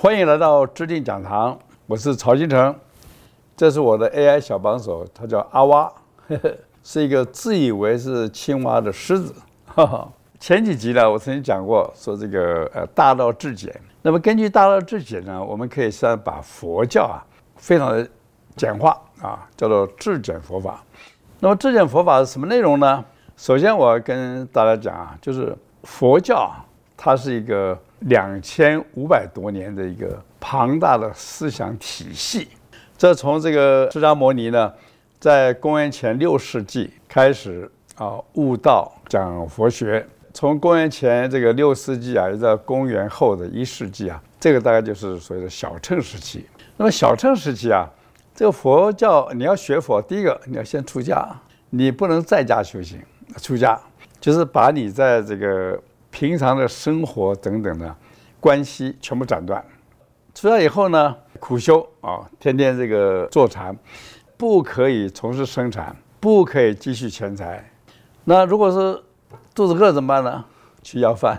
歡迎來到知定講堂，我是曹興誠，這是我的 AI 小幫手，他叫阿蛙，是一個自以為是青蛙的獅子。前幾集呢，我曾經講過，說這個呃大道至簡。那麼根據大道至簡呢，我們可以先把佛教啊，非常的簡化啊，叫做至簡佛法。那麼至簡佛法是什麼內容呢？首先我跟大家講啊，就是佛教，它是一個，兩千五百多年的一個龐大的思想體系，這從這個釋迦牟尼呢，在公元前六世紀開始啊、呃、悟道講佛學，從公元前這個六世紀啊一直到公元後的一世紀啊，這個大概就是所謂的小乘時期。那麼小乘時期啊，這個佛教你要學佛，第一個你要先出家，你不能在家修行，出家就是把你在這個。平常的生活等等的關係全部斬斷，出家以後呢，苦修啊、哦，天天這個坐禪，不可以從事生產，不可以積蓄錢財。那如果是肚子餓怎麼辦呢？去要飯，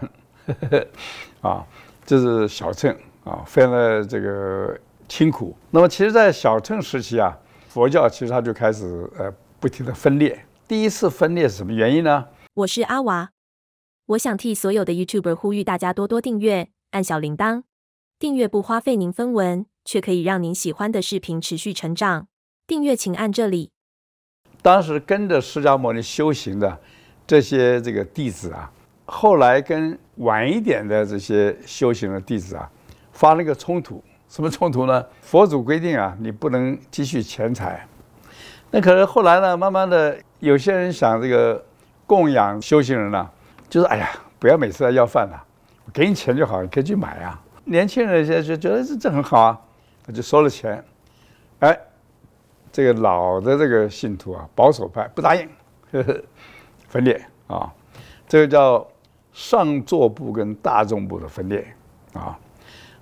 啊、 哦，這、就是小乘啊、哦，非常的這個清苦。那麼其實在小乘時期啊，佛教其實它就開始呃不停的分裂。第一次分裂是什麼原因呢？我是阿娃。我想替所有的 YouTuber 呼籲大家多多訂閱，按小鈴鐺。訂閱不花費您分文，卻可以讓您喜歡的視頻持續成長。訂閱請按這裡。當時跟着釋迦牟尼修行的這些這個弟子啊，後來跟晚一點的這些修行的弟子啊，發了一個衝突。什麼衝突呢？佛祖規定啊，你不能積蓄錢財。那可是後來呢，慢慢的有些人想這個供養修行人呢、啊。就是哎呀，不要每次來要飯了，我給你錢就好，你可以去買啊。年輕人現在就覺得這這很好啊，他就收了錢。哎，這個老的這個信徒啊，保守派不答應，呵呵，分裂啊、哦。這個叫上座部跟大眾部的分裂啊、哦。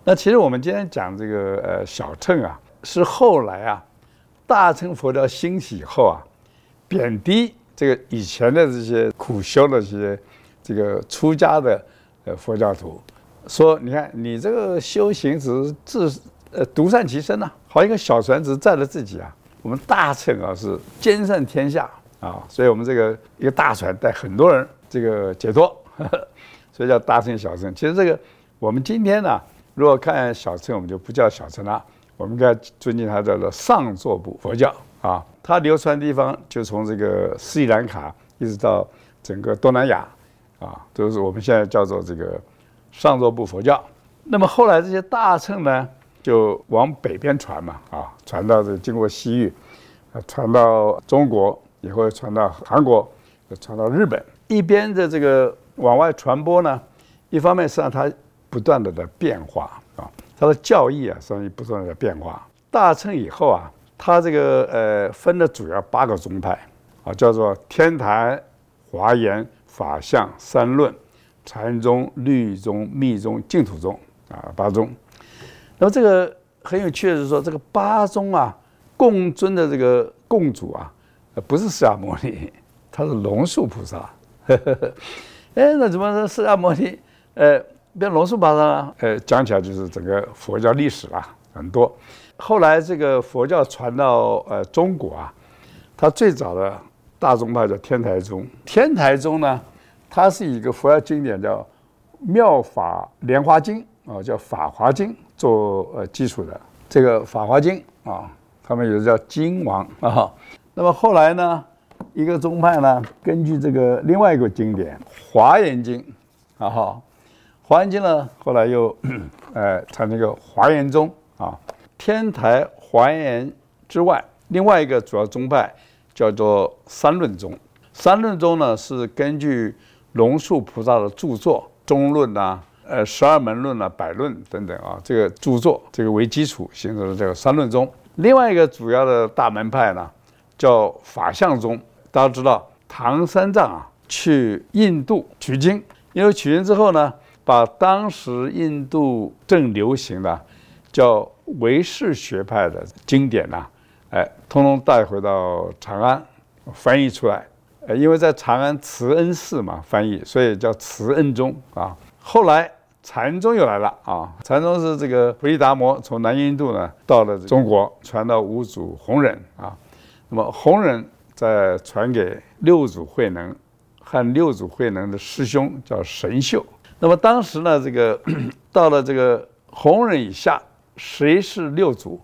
那其實我們今天講這個呃小乘啊，是後來啊大乘佛教興起以後啊，貶低這個以前的這些苦修的這些。這個出家的呃佛教徒說：“你看你這個修行只是自呃獨善其身吶、啊，好像一個小船只是載了自己啊。我們大乘啊是兼善天下啊，所以我們這個一個大船帶很多人這個解脫，哈哈，所以叫大乘小乘。其實這個我們今天呢、啊，如果看小乘，我們就不叫小乘了，我們應該尊敬它叫做上座部佛教啊。它流傳的地方就從這個斯里蘭卡一直到整個東南亞。”啊，就是我們現在叫做這個上座部佛教。那麼後來這些大乘呢，就往北邊傳嘛，啊，傳到這經過西域，啊，傳到中國，以後傳到韓國，傳到日本。一邊的這個往外傳播呢，一方面實際上它不斷地在變化啊，它的教義啊，實際上不斷的在變化。大乘以後啊，它這個呃分的主要八個宗派啊，叫做天台、華嚴。法相、三論、禪宗、律宗、密宗、淨土宗啊，八宗。那麼這個很有趣的是說，這個八宗啊，共尊的這個共主啊，不是釋迦牟尼，他是龍樹菩薩。呵呵呵。哎，那怎麼是釋迦牟尼，呃變龍樹菩薩了？呃，講起來就是整個佛教歷史啦，很多。後來這個佛教傳到呃中國啊，它最早的。大宗派叫天台宗，天台宗呢，它是一個佛教經典叫《妙法蓮華經》啊，叫《法華經》做呃基礎的。這個《法華經》啊，他們有叫“經王”啊。那麼後來呢，一個宗派呢，根據這個另外一個經典《華嚴經》啊，《華嚴經》呢，後來又哎、呃、產那個華嚴宗啊。天台華嚴之外，另外一個主要宗派。叫做三論宗，三論宗呢是根據龍樹菩薩的著作《中論》吶、呃《十二門論》吶、《百論》等等啊這個著作這個為基礎形成了這個三論宗。另外一個主要的大門派呢叫法相宗。大家知道唐三藏啊去印度取經，因為取經之後呢，把當時印度正流行的叫唯識學派的經典吶。哎，通通帶回到長安，翻譯出來。呃、哎，因為在長安慈恩寺嘛，翻譯，所以叫慈恩宗啊。後來禪宗又來了啊，禪宗是這個菩提達摩從南印度呢到了中國這個，傳到五祖弘忍啊。那麼弘忍再傳給六祖慧能，和六祖慧能的師兄叫神秀。那麼當時呢，這個到了這個弘忍以下，誰是六祖？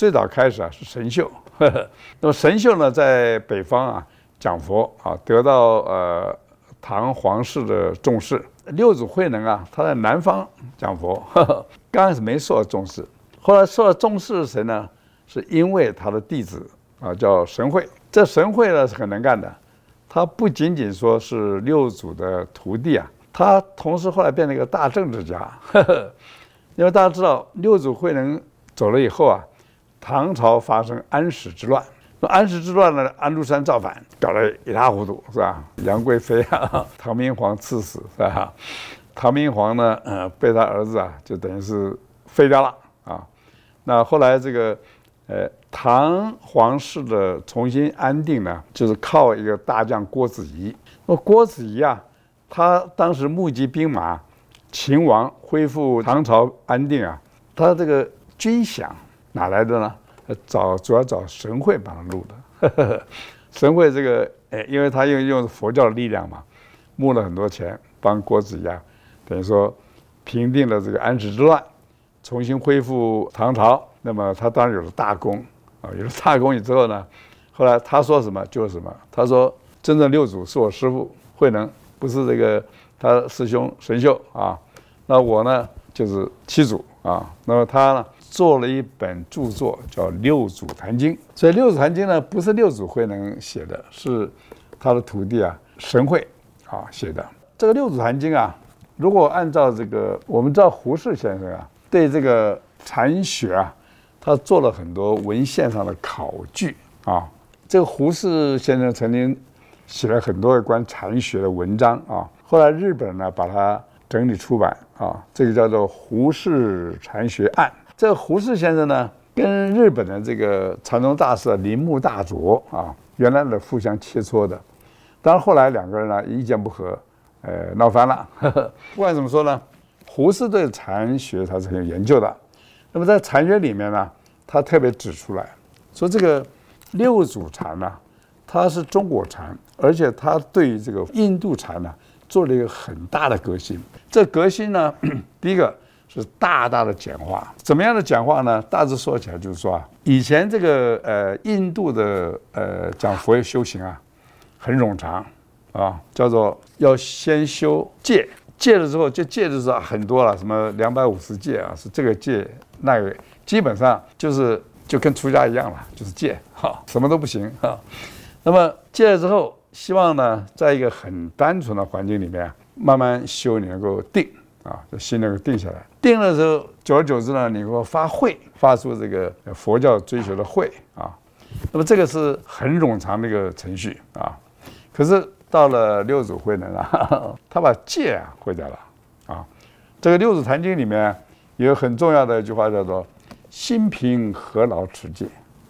最早開始啊是神秀，那麼神秀呢在北方啊講佛啊得到呃唐皇室的重視。六祖慧能啊他在南方講佛，剛開始沒受到重視，後來受到重視是誰呢？是因為他的弟子啊叫神會。這神會呢是很能幹的，他不僅僅說是六祖的徒弟啊，他同時後來變了一個大政治家。因為大家知道六祖慧能走了以後啊。唐朝發生安史之亂，那安史之亂呢？安祿山造反，搞得一塌糊塗，是吧？楊貴妃啊， 唐明皇賜死，是吧？ 唐明皇呢嗯，嗯，被他兒子啊，就等於是廢掉了啊。那後來這個，呃，唐皇室的重新安定呢，就是靠一個大將郭子儀。那郭子儀啊，他當時募集兵馬，勤王，恢復唐朝安定啊。他這個軍餉。哪來的呢？找主要找神會幫他錄的。 神會這個，哎，因為他用用佛教的力量嘛，募了很多錢，幫郭子儀，等於說平定了這個安史之亂，重新恢復唐朝。那麼他當然有了大功啊，哦，有了大功以之後呢，後來他說什麼就是什麼。他說真正六祖是我師父慧能，不是這個他師兄神秀啊。那我呢就是七祖啊。那麼他呢？做了一本著作，叫《六祖壇經》。所以，《六祖壇經》呢，不是六祖慧能寫的，是他的徒弟啊神會啊寫的。這個《六祖壇經》啊，如果按照這個，我們知道胡適先生啊對這個禪學啊，他做了很多文獻上的考據啊。這個胡適先生曾經寫了很多有關禪學的文章啊。後來，日本呢把它整理出版啊，這個叫做《胡適禪學案》。這胡適先生呢，跟日本的這個禪宗大師鈴木大拙啊，原來的互相切磋的，但是後來兩個人呢，意見不合，呃，鬧翻了。呵呵，不管怎麼說呢，胡適對禪學他是很有研究的。那麼在禪學裡面呢，他特別指出來，說這個六祖禪呢，他是中國禪，而且他對於這個印度禪呢，做了一個很大的革新。這革新呢，第一個。是大大的簡化，怎麼樣的簡化呢？大致說起來就是說啊，以前這個呃印度的呃講佛學修行啊，很冗長啊，叫做要先修戒，戒了之後就戒的是、啊、很多了，什麼兩百五十戒啊，是這個戒那個，基本上就是就跟出家一樣了，就是戒，哈，什麼都不行啊。那麼戒了之後，希望呢，在一個很單純的環境裡面，慢慢修，你能夠定。啊，這心能夠定下來，定的時候，久而久之呢，你會發慧，發出這個佛教追求的慧啊。那麼這個是很冗長的一個程序啊。可是到了六祖慧能啊，他把戒啊毀掉了啊。這個《六祖壇經》裡面有很重要的一句話叫做“心平何勞持戒”，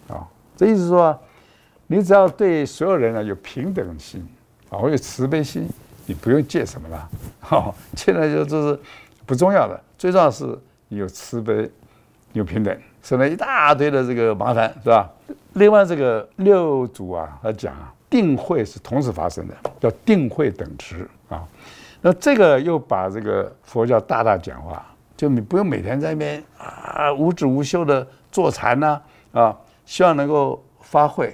啊，這意思是說，啊，你只要對所有人啊有平等心啊，或有慈悲心。你不用戒什麼了，好、哦，戒呢就是不重要的，最重要是你有慈悲，你有平等，省了一大堆的這個麻煩，是吧？另外，這個六祖啊，他講啊，定慧是同時發生的，叫定慧等持啊。那這個又把這個佛教大大簡化，就你不用每天在那邊啊無止無休的坐禪吶啊，啊，希望能夠發慧，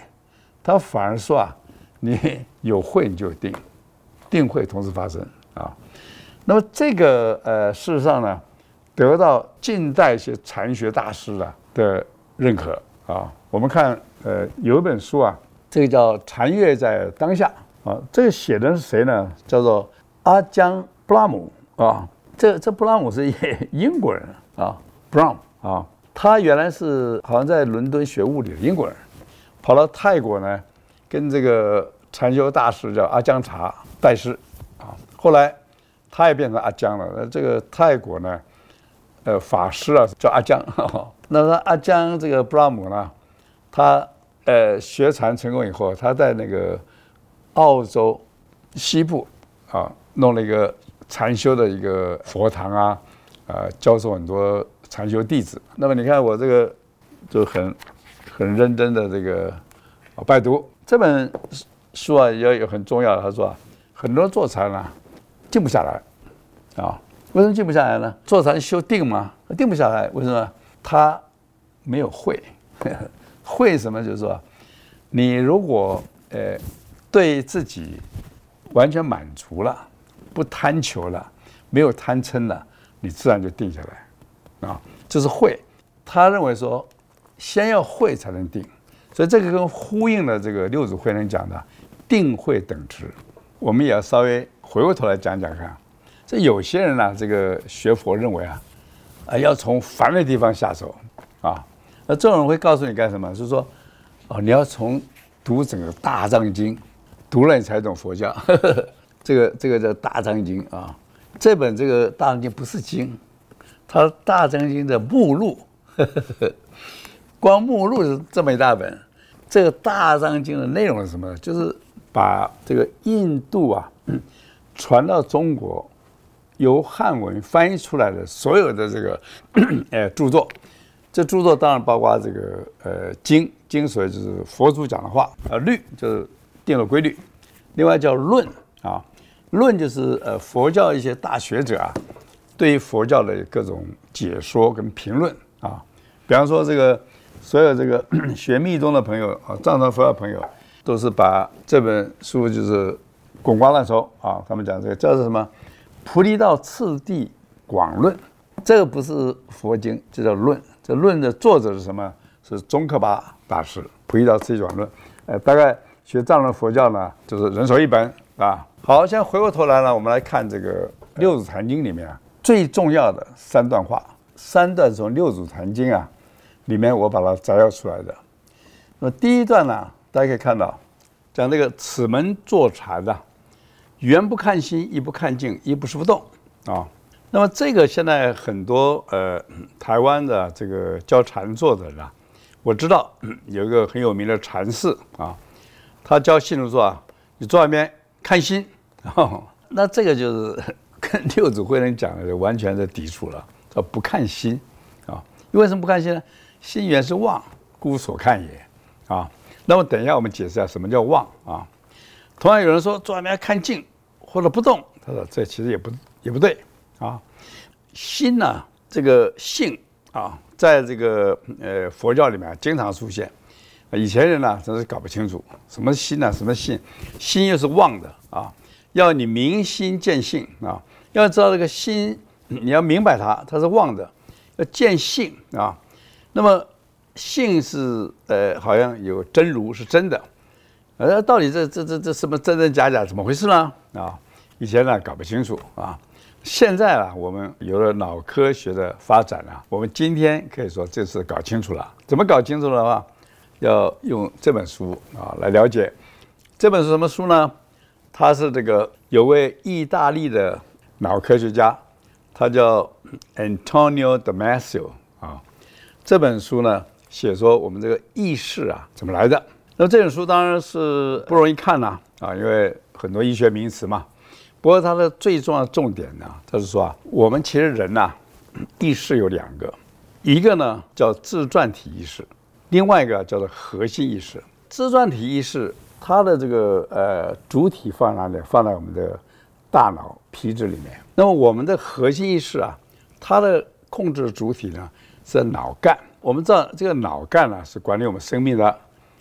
他反而說啊，你有慧你就定。定會同時發生啊，那麼這個呃，事實上呢，得到近代一些禪學大師的的認可啊。我們看呃，有一本書啊，這個叫《禪悅在當下》啊，這個寫的是誰呢？叫做阿姜布拉姆啊，這這布拉姆是英國人啊 Brahm 啊，他原來是好像在倫敦學物理的英國人，跑到泰國呢，跟這個。禪修大師叫阿姜查，大師，啊，後來他也變成阿姜了。那這個泰國呢，呃，法師啊叫阿姜。那他阿姜這個布拉姆呢，他呃學禪成功以後，他在那個澳洲西部啊，弄了一個禪修的一個佛堂啊，呃，教授很多禪修弟子。那麼你看我這個就很很認真的這個拜讀這本。說啊，也有，有很重要的。他說、啊，很多坐禪啊，靜不下來，啊、哦，為什麼靜不下來呢？坐禪修定嘛，定不下來，為什麼？他沒有慧，呵呵慧什麼？就是說，你如果呃，對自己完全滿足了，不貪求了，沒有貪嗔了，你自然就定下來，啊、哦，這、就是慧。他認為說，先要慧才能定，所以這個跟呼應了這個六祖慧能講的。定會等值，我們也要稍微回過頭來講講看。這有些人呢、啊，這個學佛認為啊，啊要從繁的地方下手啊。那這種人會告訴你幹什麼？就是說，哦，你要從讀整個大藏經，讀了你才懂佛教。呵呵這個這個叫大藏經啊。這本這個大藏經不是經，它大藏經的目錄呵呵，光目錄是這麼一大本。這個大藏經的內容是什麼呢？就是。把這個印度啊、呃、傳到中國，由漢文翻譯出來的所有的這個呃著作，這著作當然包括這個呃經，經所就是佛祖講的話啊、呃、律就是定了規律，另外叫論啊論就是呃佛教一些大學者啊對於佛教的各種解說跟評論啊，比方說這個所有這個學密宗的朋友啊藏傳佛教的朋友。都是把這本書就是滾瓜爛熟啊！他們講這個叫是什麼？《菩提道次第廣論》，這個不是佛經，這叫論。這論的作者是什麼？是宗喀巴大師。《菩提道次第廣論》哎，呃，大概學藏傳佛教呢，就是人手一本啊。好，現在回過頭來呢，我們來看這個《六祖壇經》裡面啊，最重要的三段話，三段從《六祖壇經》啊裡面我把它摘要出來的。那麼第一段呢？大家可以看到，講這個此門坐禪啊，元不看心，亦不看淨，亦不是不動啊、哦。那麼這個現在很多呃台灣的這個教禪坐的人、啊，我知道、嗯、有一個很有名的禪師啊，他教信徒說啊，你坐那邊看心、哦，那這個就是跟六祖慧能講的完全在抵觸了，他不看心啊，哦、為什麼不看心呢？心元是妄，故所看也啊。那麼等一下我們解釋一下什麼叫妄啊？同樣有人說坐那邊看淨，或者不動，他說這其實也不也不對啊。心呢、啊、這個性啊，在這個呃佛教裡面經常出現。以前人呢真是搞不清楚什麼心呢、啊、什麼性，心又是妄的啊，要你明心見性啊，要知道這個心你要明白它，它是妄的，要見性啊，那麼。性是呃，好像有真如，是真的。呃，到底這這這這什麼真真假假，怎麼回事呢？啊，以前呢搞不清楚啊。現在啊，我們有了腦科學的發展啊，我們今天可以說這次搞清楚了。怎麼搞清楚的話，要用這本書啊來了解。這本書什麼書呢？它是這個有位意大利的腦科學家，他叫 Antonio Damasio 啊。這本書呢？寫說我們這個意識啊，怎麼來的？那這本書當然是不容易看吶啊，啊，因為很多醫學名詞嘛。不過它的最重要的重點呢，它是說啊，我們其實人吶、啊，意識有兩個，一個呢叫自傳體意識，另外一個、啊、叫做核心意識。自傳體意識它的這個呃主體放在哪裡？放在我們的大腦皮質裡面。那麼我們的核心意識啊，它的控制主體呢是在腦幹。我們知道這個腦幹呢、啊、是管理我們生命的，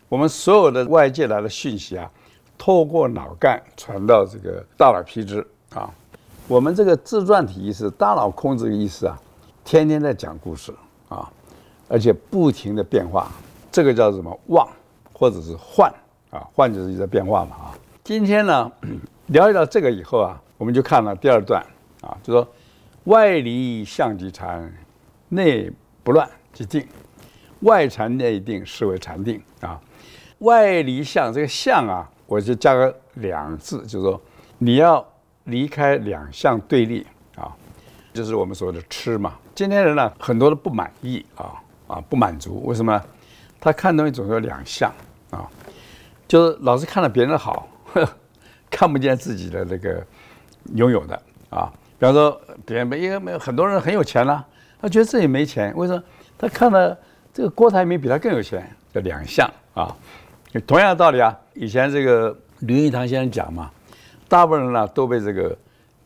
我們所有的外界來的訊息啊，透過腦幹傳到這個大腦皮質啊。我們這個自傳體意識、大腦控制的意識啊，天天在講故事啊，而且不停的變化。這個叫什麼？妄，或者是幻啊。幻就是一直在變化嘛啊。今天呢，聊一聊這個以後啊，我們就看了第二段啊，就說，外離相即禪，內不亂。即定，外禪內定是為禪定啊。外離相，這個相啊，我就加個兩字，就是、說你要離開兩相對立啊，就是我們所謂的痴嘛。今天人呢，很多的不滿意啊啊，不滿足，為什麼？他看東西總是有兩相啊，就是老是看到別人的好呵呵，看不見自己的那個擁有的啊。比方說，別人沒沒有很多人很有錢了、啊，他覺得自己沒錢，為什麼？他看了這個郭台銘比他更有錢，叫兩相啊，同樣的道理啊。以前這個林語堂先生講嘛，大部分人呢都被這個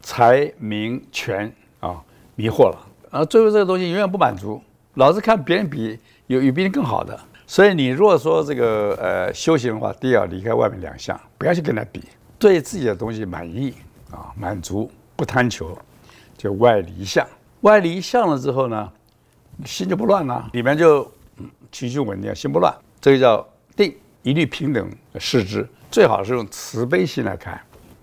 財、名、啊、權啊迷惑了，啊，最後這個東西永遠不滿足，老是看別人比有有比人更好的。所以你如果說這個呃修行的話，第一要離開外面兩相，不要去跟他比，對自己的東西滿意啊，滿足不貪求，就外離相。外離相了之後呢？心就不亂了、啊，裡面就、嗯、情緒穩定，心不亂，這個叫定，一律平等視之，最好是用慈悲心來看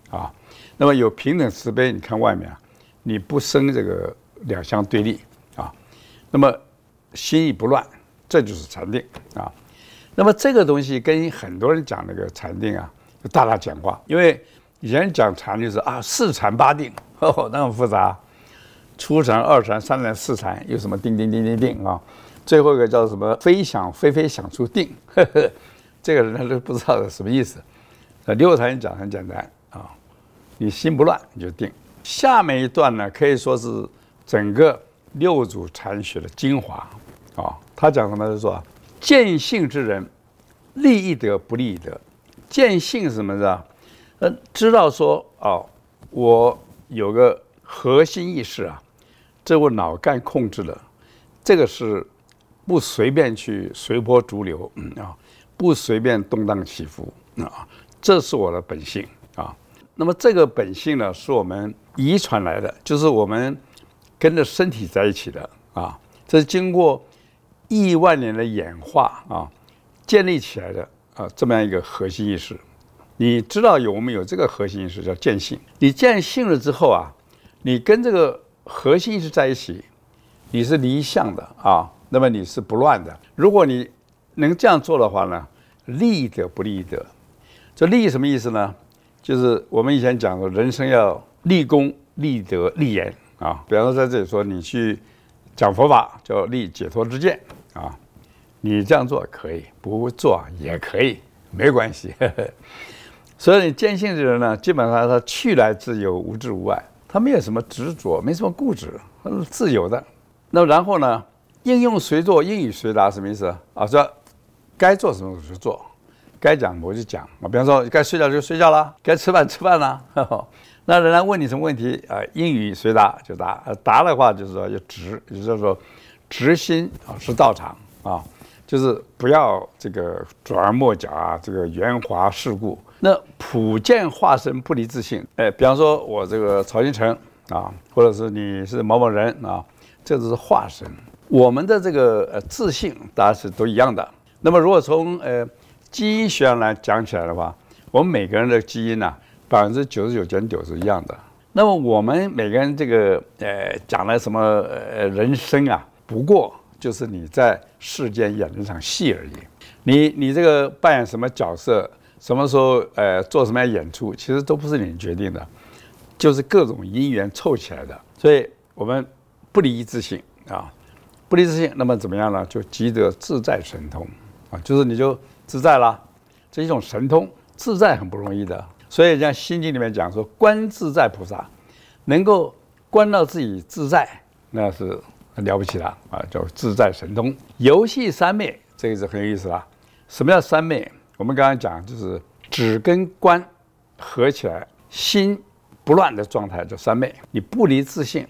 啊。那麼有平等慈悲，你看外面啊，你不生這個兩相對立啊，那麼心一不亂，這就是禪定啊。那麼這個東西跟很多人講那個禪定啊，就大大簡化，因為以前講禪就是啊，四禪八定，呵呵那麼複雜。初禪、二禪、三禪、四禪，有什麼定定定定定啊？最後一個叫什麼？非想非非想處定呵呵。這個人他都不知道什麼意思。那六禪講很簡單啊、哦，你心不亂你就定。下面一段呢，可以說是整個六祖禪學的精華啊。他、哦、講什麼？就是、說啊，見性之人，立亦得，不立亦得。見性是什麼呢呃啊？知道說哦，我有個核心意識啊。這我腦幹控制的，這個是不隨便去隨波逐流啊，不隨便動盪起伏啊，這是我的本性啊。那麼這個本性呢，是我們遺傳來的，就是我們跟着身體在一起的啊。這是經過億萬年的演化啊，建立起來的啊，這麼樣一個核心意識。你知道有我們有這個核心意識叫見性，你見性了之後啊，你跟這個。核心是在一起，你是離相的啊，那麼你是不亂的。如果你能這樣做的話呢，立亦得，不立亦得，這立什麼意思呢？就是我們以前講過，人生要立功、立德、立言啊。比方說在這裡說，你去講佛法叫立解脫知見啊，你這樣做可以，不做也可以，沒關係。所以你見性的人呢，基本上他去來自由，無滯無礙。他沒有什麼執着，沒什麼固執，他是自由的。那然後呢？應用隨作，應語隨答，什麼意思啊？說該做什麼我就做，該講我就講啊。比方說，該睡覺就睡覺啦，該吃飯吃飯啦。那人家問你什麼問題啊？應語隨答就答。啊，答的話就是說要直，也就是說，直心啊是道場啊，就是不要這個轉彎抹角啊，這個圓滑世故。那普見化身，不離自性。哎、呃，比方說我這個曹興誠啊，或者是你是某某人啊，這只是化身。我們的這個呃自性大家是都一樣的。那麼如果從呃基因學上來講起來的話，我們每個人的基因呢，啊，百分之九十九點九是一樣的。那麼我們每個人這個呃講了什麼、呃、人生啊？不過就是你在世間演了一場戲而已。你你這個扮演什麼角色？什麼時候，呃，做什麼樣演出，其實都不是你決定的，就是各種因緣湊起來的。所以，我們不離自性啊，不離自性，那麼怎麼樣呢？就即得自在神通啊，就是你就自在了，這一種神通。自在很不容易的，所以像《心經》裡面講說，觀自在菩薩能夠觀到自己自在，那是很了不起的啊，叫自在神通。遊戲三昧，這個是很有意思啊。什麼叫三昧？我們剛才講，就是止跟觀合起來，心不亂的狀態叫三昧。你不離自性，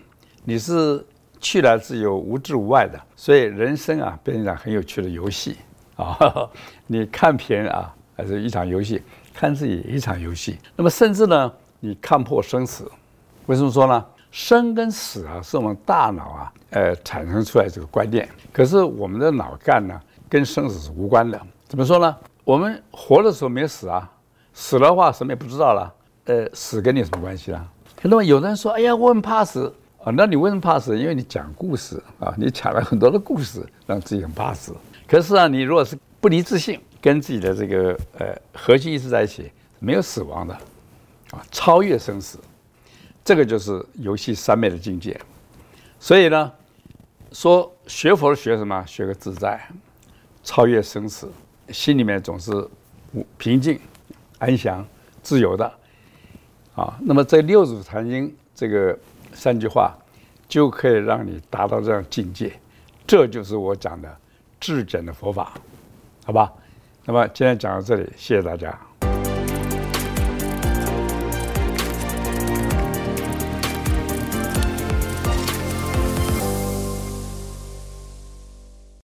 你是去來自由無滯無礙的，所以人生啊變成一場很有趣的遊戲啊、哦。你看別人啊，還是一場遊戲；看自己，一場遊戲。那麼甚至呢，你看破生死，為什麼說呢？生跟死啊，是我們大腦啊，呃，產生出來這個觀念。可是我們的腦幹呢，跟生死是無關的。怎麼說呢？我們活的時候沒有死啊，死了話什麼也不知道了。呃，死跟你什麼關係啊？那麼有的人說，哎呀，我很怕死啊、哦。那你為什麼怕死？因為你講故事啊，你講了很多的故事，讓自己很怕死。可是啊，你如果是不離自性，跟自己的這個呃核心意識在一起，沒有死亡的，啊，超越生死，這個就是遊戲三昧的境界。所以呢，說學佛的學什麼？學個自在，超越生死。心裡面總是平靜、安詳、自由的，啊，那麼這六祖壇經這個三句話，就可以讓你達到這樣境界，這就是我講的至簡的佛法，好吧？那麼今天講到這裡，謝謝大家。